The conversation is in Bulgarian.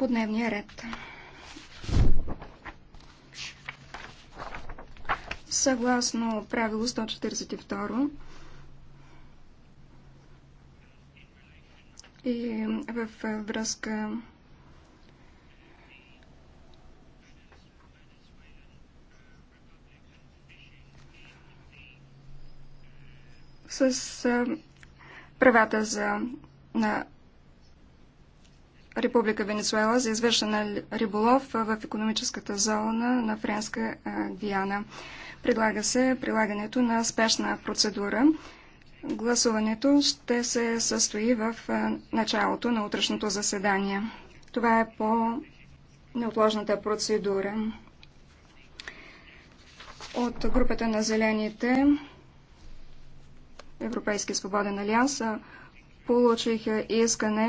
по дневния ред. Съгласно правило 142 и в връзка с правата за, на Република Венесуела за извършена риболов в економическата зона на Френска Гвиана. Предлага се прилагането на спешна процедура. Гласуването ще се състои в началото на утрешното заседание. Това е по неотложната процедура. От групата на зелените Европейски свободен алианс получих искане